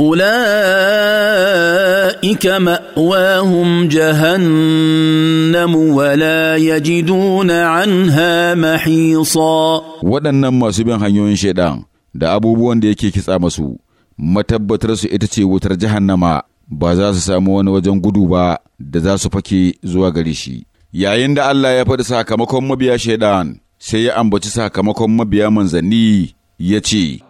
اولئك ماواهم جهنم ولا يجدون عنها محيصا waɗannan masu bin hanyoyin shaidan da abubuwan da yake kitsa masu matabbatar su ita ce wutar jahannama ba za su samu wani wajen gudu ba da za su fake zuwa gare shi yayin da Allah ya faɗi sakamakon mabiya shaidan sai ya ambaci sakamakon mabiya manzanni ya ce